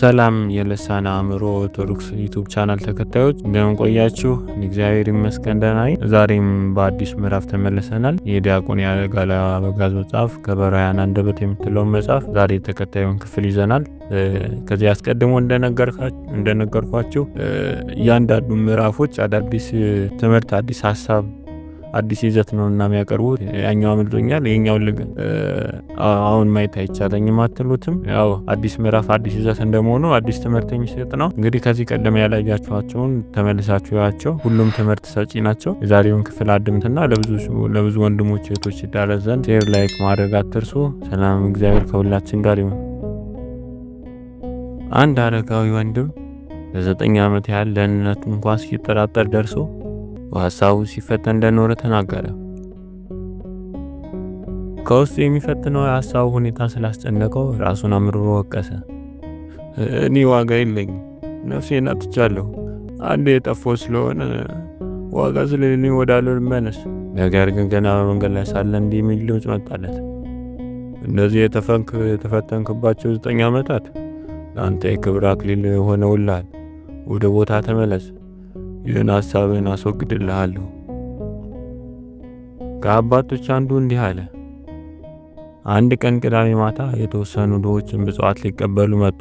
ሰላም የልሳን አእምሮ ኦርቶዶክስ ዩቱብ ቻናል ተከታዮች እንደምን ቆያችሁ? እግዚአብሔር ይመስገን ደህና ዛሬም በአዲስ ምዕራፍ ተመልሰናል። የዲያቆን ያለጋላ አበጋዝ መጽሐፍ ከበራውያን አንደበት የምትለውን መጽሐፍ ዛሬ ተከታዩን ክፍል ይዘናል። ከዚህ አስቀድሞ እንደነገርኳችሁ እያንዳንዱ ምዕራፎች አዳዲስ ትምህርት፣ አዲስ ሀሳብ አዲስ ይዘት ነው እና የሚያቀርቡት። ያኛው አምልጦኛል የኛውን ልግ አሁን ማየት አይቻለኝም አትሉትም? ያው አዲስ ምዕራፍ አዲስ ይዘት እንደመሆኑ አዲስ ትምህርት የሚሰጥ ነው። እንግዲህ ከዚህ ቀደም ያላያችኋቸውን ተመልሳችሁ ያቸው። ሁሉም ትምህርት ሰጪ ናቸው። የዛሬውን ክፍል አድምትና ለብዙ ወንድሞች እህቶች ይዳረስ ዘንድ ሼር፣ ላይክ ማድረግ አትርሱ። ሰላም እግዚአብሔር ከሁላችን ጋር ይሁን። አንድ አረጋዊ ወንድም ለዘጠኝ ዓመት ያህል ደህንነቱ እንኳን ሲጠራጠር ደርሶ በሐሳቡ ሲፈተን እንደኖረ ተናገረ። ከውስጡ የሚፈትነው የሐሳቡ ሁኔታ ስላስጨነቀው ራሱን አምርሮ ወቀሰ። እኔ ዋጋ የለኝም፣ ነፍሴን አጥቻለሁ። አንድ የጠፎ ስለሆነ ዋጋ ስለሌለኝ ወዳለው ልመለስ። ነገር ግን ገና በመንገድ ላይ ሳለ እንዲህ የሚል ድምፅ መጣለት። እነዚህ የተፈተንክባቸው ዘጠኝ ዓመታት ለአንተ የክብር አክሊል ሆነውልሃል። ወደ ቦታ ተመለስ። ይህን ሐሳብን አስወግድልሃለሁ። ከአባቶች አንዱ እንዲህ አለ። አንድ ቀን ቅዳሜ ማታ የተወሰኑ ድሆችን ምጽዋት ሊቀበሉ መጡ።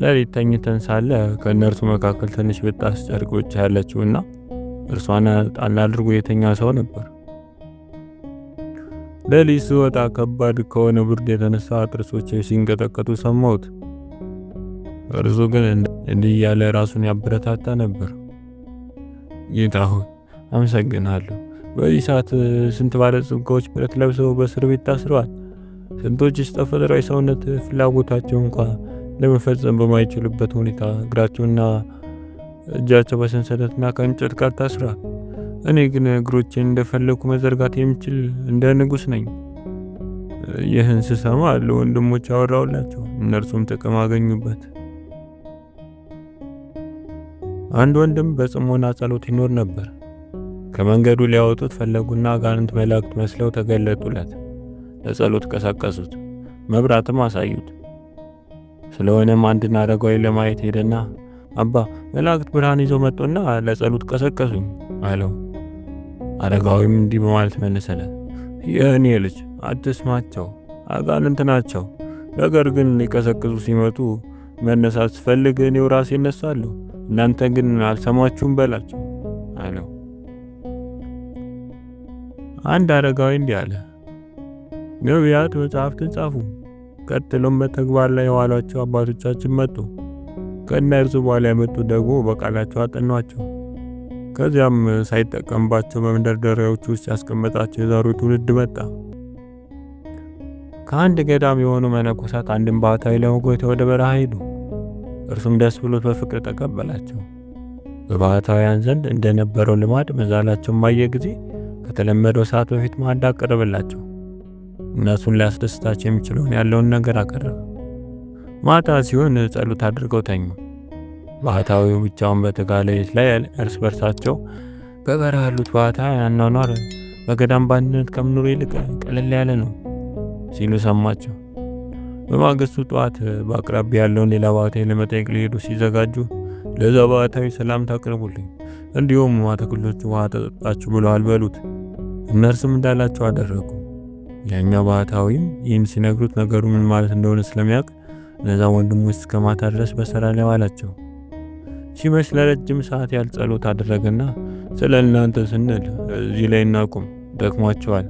ለሊት ተኝተን ሳለ ከእነርሱ መካከል ትንሽ ብጣስ ጨርቅ ያለችውና እርሷን ጣል አድርጎ የተኛ ሰው ነበር። ሌሊት ስወጣ ከባድ ከሆነ ብርድ የተነሳ ጥርሶች ሲንቀጠቀጡ ሰማሁት። እርሱ ግን እንዲህ እያለ ራሱን ያበረታታ ነበር። ጌታ ሆይ አመሰግናለሁ። በዚህ ሰዓት ስንት ባለጸጋዎች ብረት ለብሰው በእስር ቤት ታስረዋል። ስጠ ተፈጥሯዊ ሰውነት ፍላጎታቸው እንኳ ለመፈጸም በማይችሉበት ሁኔታ እግራቸውና እጃቸው በሰንሰለትና ከእንጨት ጋር ታስረዋል። እኔ ግን እግሮቼን እንደፈለኩ መዘርጋት የምችል እንደ ንጉሥ ነኝ። ይህን ስሰማ ለወንድሞች አወራውላቸው፣ እነርሱም ጥቅም አገኙበት። አንድ ወንድም በጽሞና ጸሎት ይኖር ነበር። ከመንገዱ ሊያወጡት ፈለጉና አጋንንት መላእክት መስለው ተገለጡለት። ለጸሎት ቀሰቀሱት፣ መብራትም አሳዩት። ስለሆነም አንድን አረጋዊ ለማየት ሄደና አባ መላእክት ብርሃን ይዞ መጡና ለጸሎት ቀሰቀሱኝ አለው። አረጋዊም እንዲህ በማለት መለሰለት፣ የእኔ ልጅ አትስማቸው፣ አጋንንት ናቸው። ነገር ግን ሊቀሰቅሱ ሲመጡ መነሳት ስፈልግ እኔው ራሴ እነሳለሁ እናንተ ግን አልሰማችሁም በላቸው አለው። አንድ አረጋዊ እንዲህ አለ፣ ነቢያት መጽሐፍትን ተጻፉ፣ ቀጥሎም በተግባር ላይ የዋሏቸው አባቶቻችን መጡ። ከእነርሱ በኋላ የመጡ ደግሞ በቃላቸው አጠኗቸው። ከዚያም ሳይጠቀምባቸው በመንደርደሪያዎች ውስጥ ያስቀመጣቸው የዛሩ ትውልድ መጣ። ከአንድ ገዳም የሆኑ መነኮሳት አንድን ባህታዊ ለመጎብኘት ወደ በረሃ ሄዱ። እርሱም ደስ ብሎት በፍቅር ተቀበላቸው። በባሕታውያን ዘንድ እንደነበረው ልማድ መዛላቸውን ባየ ጊዜ ከተለመደው ሰዓት በፊት ማዕድ አቀረበላቸው። እነሱን ሊያስደስታቸው የሚችለውን ያለውን ነገር አቀረበ። ማታ ሲሆን ጸሎት አድርገው ተኙ። ባህታዊው ብቻውን በተጋለ ሌሊት ላይ እርስ በርሳቸው በበረሃ ያሉት ባሕታውያን በገዳም ባንድነት ከምኖሩ ይልቅ ቀለል ያለ ነው ሲሉ ሰማቸው። በማግስቱ ጠዋት በአቅራቢያ ያለውን ሌላ ባህታዊ ለመጠየቅ ሊሄዱ ሲዘጋጁ ለዛ ባህታዊ ሰላምታ አቅርቡልኝ፣ እንዲሁም አትክልቶቹ ውሃ ተጠጣችሁ ብለዋል በሉት። እነርሱም እንዳላቸው አደረጉ። ያኛ ባህታዊም ይህም ሲነግሩት ነገሩ ምን ማለት እንደሆነ ስለሚያውቅ እነዛ ወንድሞች እስከ ማታ ድረስ በስራ ላይ ዋላቸው። ሲመሽ ለረጅም ሰዓት ያህል ጸሎት አደረገና ስለ እናንተ ስንል እዚህ ላይ እናቁም፣ ደክሟቸዋል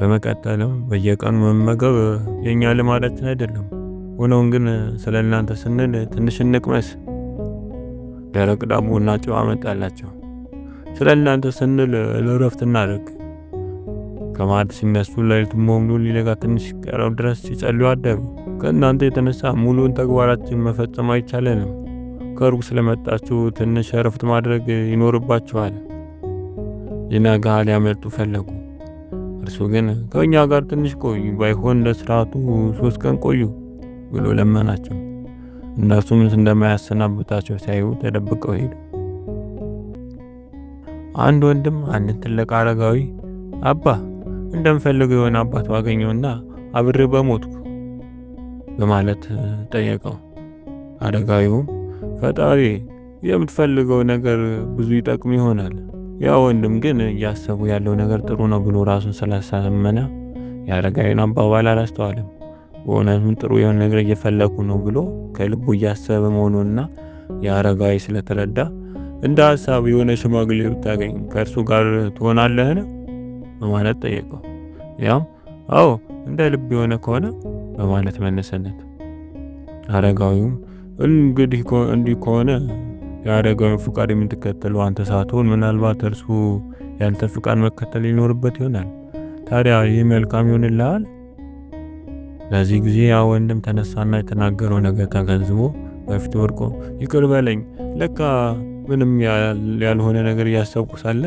በመቀጠልም በየቀኑ መመገብ የእኛ ልማዳችን አይደለም። ሆኖም ግን ስለ እናንተ ስንል ትንሽ እንቅመስ። ደረቅ ዳቦና ጨው አመጣላቸው። ስለ እናንተ ስንል ለእረፍት እናድርግ። ከማድ ሲነሱ ሌሊቱን በሙሉ ሊነጋ ትንሽ ቀረው ድረስ ሲጸልዩ አደሩ። ከእናንተ የተነሳ ሙሉን ተግባራችን መፈጸም አይቻለንም። ከሩቅ ስለመጣችሁ ትንሽ እረፍት ማድረግ ይኖርባችኋል። ይነጋል። ያመልጡ ፈለጉ። እርሱ ግን ከእኛ ጋር ትንሽ ቆዩ፣ ባይሆን ለሥርዓቱ ሶስት ቀን ቆዩ ብሎ ለመናቸው። እነርሱም እንደማያሰናብታቸው ሲያዩ ተደብቀው ሄዱ። አንድ ወንድም አንድ ትልቅ አረጋዊ አባ እንደምፈልገው የሆነ አባት ባገኘውና አብሬ በሞትኩ በማለት ጠየቀው። አረጋዊውም ፈጣሪ የምትፈልገው ነገር ብዙ ይጠቅም ይሆናል ያ ወንድም ግን እያሰቡ ያለው ነገር ጥሩ ነው ብሎ ራሱን ስላሳመነ የአረጋዊን አባባል አላስተዋለም። በእውነትም ጥሩ የሆነ ነገር እየፈለኩ ነው ብሎ ከልቡ እያሰበ መሆኑና የአረጋዊ ስለተረዳ እንደ ሀሳብ የሆነ ሽማግሌ ብታገኝ ከእርሱ ጋር ትሆናለህን? በማለት ጠየቀው። ያም አዎ እንደ ልብ የሆነ ከሆነ በማለት መነሰነት። አረጋዊውም እንግዲህ እንዲህ ከሆነ የአደጋውን ፍቃድ የምትከተሉ አንተ ሳትሆን ምናልባት እርሱ ያንተ ፍቃድ መከተል ይኖርበት ይሆናል። ታዲያ ይህ መልካም ይሆንልሃል። በዚህ ጊዜ ያ ወንድም ተነሳና የተናገረው ነገር ተገንዝቦ በፊት ወድቆ ይቅር በለኝ፣ ለካ ምንም ያልሆነ ነገር እያሰብኩ ሳለ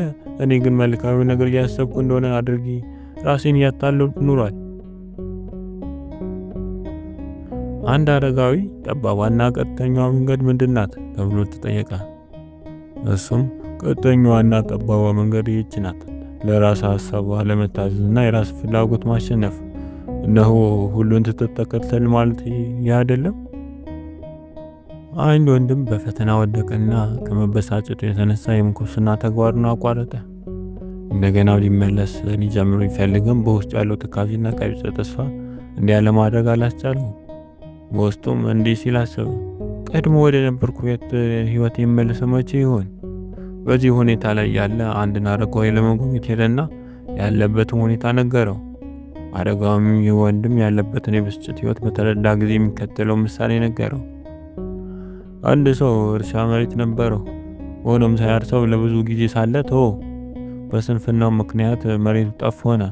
እኔ ግን መልካም ነገር እያሰብኩ እንደሆነ አድርጊ ራሴን እያታለልኩ ኑሯል። አንድ አረጋዊ ጠባቧና ቀጥተኛዋ መንገድ ምንድን ናት ተብሎ ተጠየቀ። እሱም ቀጥተኛዋና ጠባቧ መንገድ ይህች ናት፣ ለራስ ሀሳብ አለመታዘዝና የራስ ፍላጎት ማሸነፍ። እነሆ ሁሉን ትተተከተል ማለት ይህ አይደለም። አንድ ወንድም በፈተና ወደቀና ከመበሳጨቱ የተነሳ የምንኩስና ተግባሩን አቋረጠ። እንደገና ሊመለስ ሊጀምር ቢፈልግም በውስጡ ያለው ትካዜና ቀቢጸ ተስፋ እንዲያለማድረግ ያለማድረግ አላስቻለው። በውስጡም እንዲህ ሲል አሰበ፣ ቀድሞ ወደ ነበርኩበት ህይወት የመለሰ መቼ ይሆን? በዚህ ሁኔታ ላይ ያለ አንድን አረጋዊ ለመጎብኘት ሄደና ያለበትን ሁኔታ ነገረው። አረጋዊም ወንድም ያለበትን የብስጭት ህይወት በተረዳ ጊዜ የሚከተለው ምሳሌ ነገረው። አንድ ሰው እርሻ መሬት ነበረው። ሆኖም ሳያርሰው ለብዙ ጊዜ ሳለ ተወ። በስንፍናው ምክንያት መሬቱ ጠፍ ሆነ፣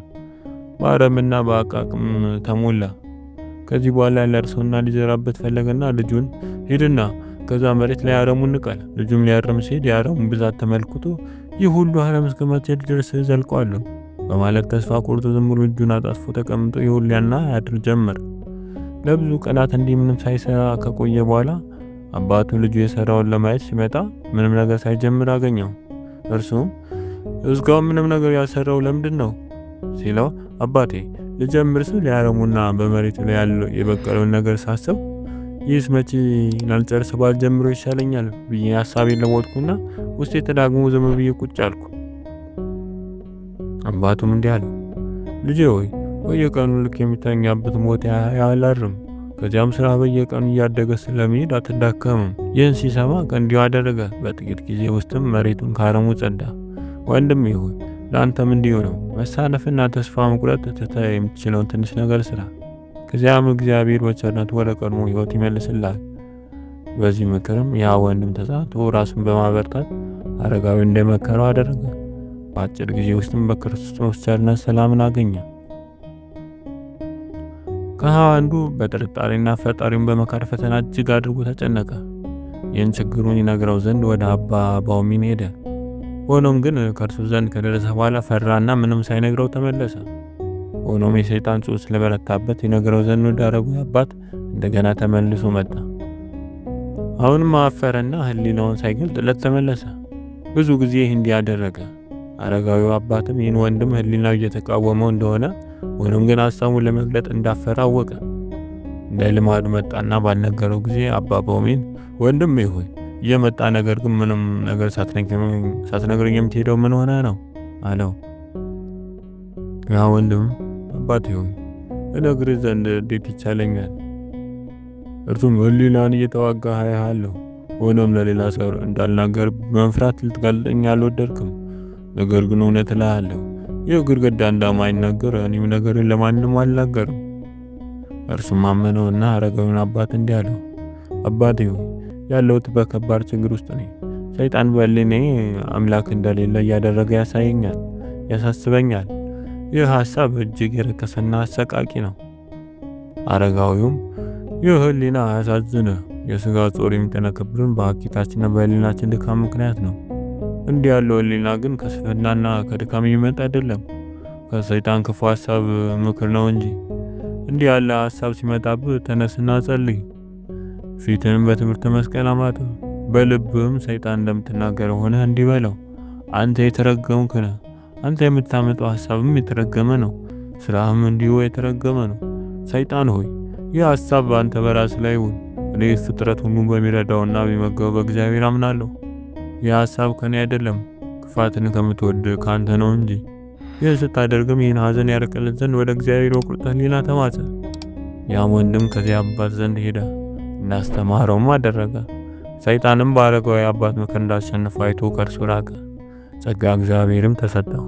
በአረምና በአቃቅም ተሞላ። ከዚህ በኋላ ሊያርሰውና ሊዘራበት ፈለገና ልጁን ሂድና ከዛ መሬት ላይ አረሙን ንቀል። ልጁም ሊያርም ሲሄድ የአረሙን ብዛት ተመልክቶ ይህ ሁሉ አረም እስከ መቼ ድረስ ዘልቀዋለሁ በማለት ተስፋ ቆርጦ ዝም ብሎ እጁን አጣጥፎ ተቀምጦ ይውልና ያድር ጀመር። ለብዙ ቀናት እንዲህ ምንም ሳይሰራ ከቆየ በኋላ አባቱ ልጁ የሰራውን ለማየት ሲመጣ ምንም ነገር ሳይጀምር አገኘው። እርሱም እስካሁን ምንም ነገር ያልሰራው ለምንድን ነው ሲለው አባቴ ልጀምር ስል የአረሙና በመሬቱ ላይ ያለው የበቀለውን ነገር ሳስብ ይህስ መቼ ባል ባልጀምሮ ይሻለኛል ብዬ ሀሳቤ ለወጥኩና ውስጤ ተዳግሞ ዝም ብዬ ቁጭ አልኩ። አባቱም እንዲህ አለ፣ ልጄ ሆይ በየቀኑ ልክ የሚተኛበት ቦታ ያላርም ከዚያም ስራ በየቀኑ እያደገ ስለሚሄድ አትዳከምም። ይህን ሲሰማ ቀንዲው አደረገ። በጥቂት ጊዜ ውስጥም መሬቱን ከአረሙ ጸዳ። ወንድም ይሁን ለአንተም እንዲሁ ነው። መሳነፍና ተስፋ መቁረጥ ትተህ የምትችለውን ትንሽ ነገር ስራ። ከዚያም እግዚአብሔር በቸርነቱ ወደ ቀድሞ ህይወት ይመልስላል በዚህ ምክርም ያ ወንድም ተጽናንቶ ራሱን በማበርታት አረጋዊ እንደመከረው አደረገ። በአጭር ጊዜ ውስጥም በክርስቶስ ቸርነት ሰላምን አገኘ። ከሀ አንዱ በጥርጣሬና ፈጣሪውን በመካድ ፈተና እጅግ አድርጎ ተጨነቀ። ይህን ችግሩን ይነግረው ዘንድ ወደ አባ ባውሚን ሄደ። ሆኖም ግን ከእርሱ ዘንድ ከደረሰ በኋላ ፈራና ምንም ሳይነግረው ተመለሰ። ሆኖም የሰይጣን ጹ ስለበረታበት ይነግረው ዘንድ ወደ አረጋዊ አባት እንደገና ተመልሶ መጣ። አሁንም አፈረና ሕሊናውን ሳይገልጥለት ተመለሰ። ብዙ ጊዜ ይህ እንዲያደረገ አረጋዊ አባትም ይህን ወንድም ሕሊናው እየተቃወመው እንደሆነ ሆኖም ግን ሀሳቡን ለመግለጥ እንዳፈረ አወቀ። እንደ ልማዱ መጣና ባልነገረው ጊዜ አባ ቦሚን ወንድም ሆይ የመጣ ነገር ግን ምንም ነገር ሳትነግረኝ የምትሄደው ምን ሆነ ነው አለው። ያ ወንድም አባት ሆይ እነግርህ ዘንድ እንዴት ይቻለኛል? እርሱም ሕሊናን እየተዋጋ አያለሁ። ሆኖም ለሌላ ሰው እንዳልናገር በመፍራት ልትጋልጠኝ አልወደድክም። ነገር ግን እውነት እልሃለሁ ይህ ግድግዳ እንደማይናገር እኔም ነገርን ለማንም አልናገርም። እርሱም አመነውና አረጋዊን አባት እንዲህ አለው፣ አባቴ ያለሁት በከባድ ችግር ውስጥ ነኝ። ሰይጣን በልኔ አምላክ እንደሌለ እያደረገ ያሳየኛል፣ ያሳስበኛል። ይህ ሀሳብ እጅግ የረከሰና አሰቃቂ ነው። አረጋዊውም ይህ ህሊና አያሳዝንህ፣ የስጋ ጾር የሚጠነከብርን በሐቂታችንና በህሊናችን ድካም ምክንያት ነው። እንዲህ ያለው ህሊና ግን ከስፍናና ከድካም የሚመጣ አይደለም፣ ከሰይጣን ክፉ ሀሳብ ምክር ነው እንጂ። እንዲህ ያለ ሀሳብ ሲመጣብህ ተነስና ጸልይ። ፊትን በትምህርት መስቀል አማተ። በልብም ሰይጣን እንደምትናገረው ሆነ እንዲህ በለው፣ አንተ የተረገምክ ነህ። አንተ የምታመጣው ሐሳብም የተረገመ ነው፣ ስራህም እንዲሁ የተረገመ ነው። ሰይጣን ሆይ ይህ ሐሳብ በአንተ በራስ ላይ ይሁን። እኔ ፍጥረት ሁሉ በሚረዳውና በሚመገበው በእግዚአብሔር አምናለሁ። ይህ ሐሳብ ከኔ አይደለም፣ ክፋትን ከምትወድ ካንተ ነው እንጂ። ይህ ስታደርግም ይህን ሐዘን ያርቅልን ዘንድ ወደ እግዚአብሔር ወቁርጠህ ሌላ ተማጸ። ያም ወንድም ከዚያ አባት ዘንድ ሄዳ እንዳስተማረውም አደረገ። ሰይጣንም በአረጋዊ አባት ምክር እንዳሸነፈው አይቶ ከእርሱ ራቀ። ጸጋ እግዚአብሔርም ተሰጠው።